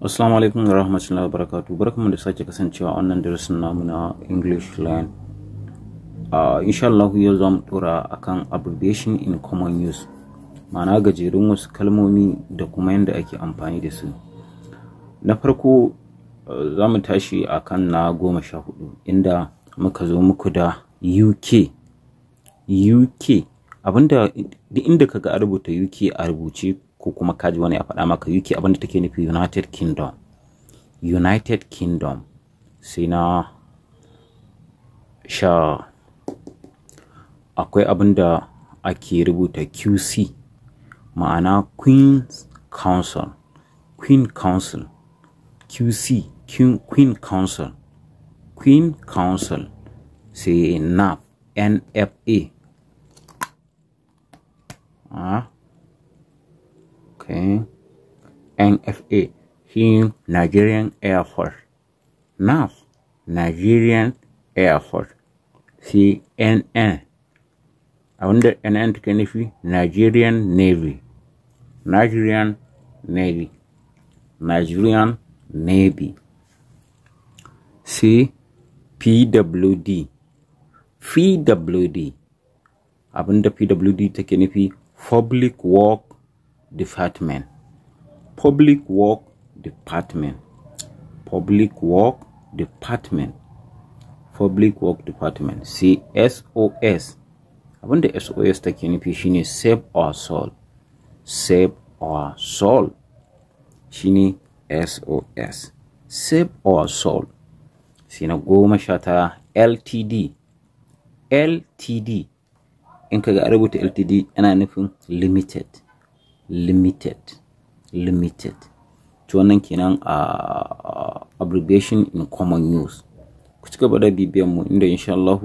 Assalamu alaikum wa rahmatullahi wa barakatuh. Barkanmu da sake kasancewa wannan darasin namu na English Learn. Uh, ah, insha Allah yau za mu tura akan abbreviation in common use. Ma'ana gajerun wasu kalmomi da kuma yadda ake amfani da su. Na farko uh, za mu tashi akan na goma sha hudu inda muka zo muku da UK. UK abinda duk inda kaga a rubuta UK a rubuce ko kuma kaji wani a faɗa maka UK abinda take nufi United Kingdom United Kingdom sai na sha akwai abinda ake rubuta QC ma'ana Queen's Council Queen Council QC Queen Council Queen Council sai na NFA ah. okay, NFA, him Nigerian Air Force, NAF, Nigerian Air Force, CNN, wanda NN take nufi Nigerian Navy, Nigerian Navy, Nigerian Navy, C PWD, PWD, abinda PWD take nufi Public Work Department, Public Work Department, Public Work Department, Public Work Department, sai SOS. Abinda SOS take nufi shine Save Our Soul, Save Our Soul shine SOS, Save Our Soul. Sai na goma sha tara LTD, LTD. In kaga L rubuta LTD yana nufin limited. limited limited to wannan kenan a abbreviation in common use ku ci gaba da bibiyan mu inda insha Allah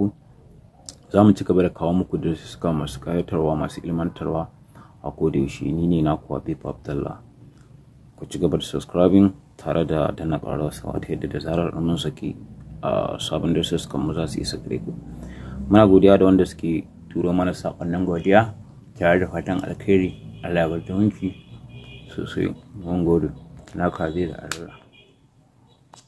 za mu ci gaba da kawo muku da suka masu kayatarwa masu ilmantarwa a koda yaushe ni ne na kuwa Bip Abdullah ku ci gaba da subscribing tare da danna ƙararrawa sawa ta yadda da zarar mun saki a sabon da suka mu za su isa gare ku muna godiya da wanda suke turo mana sakonnin godiya tare da fatan alkhairi Allah ya bar sosai mun gode na kaze da Allah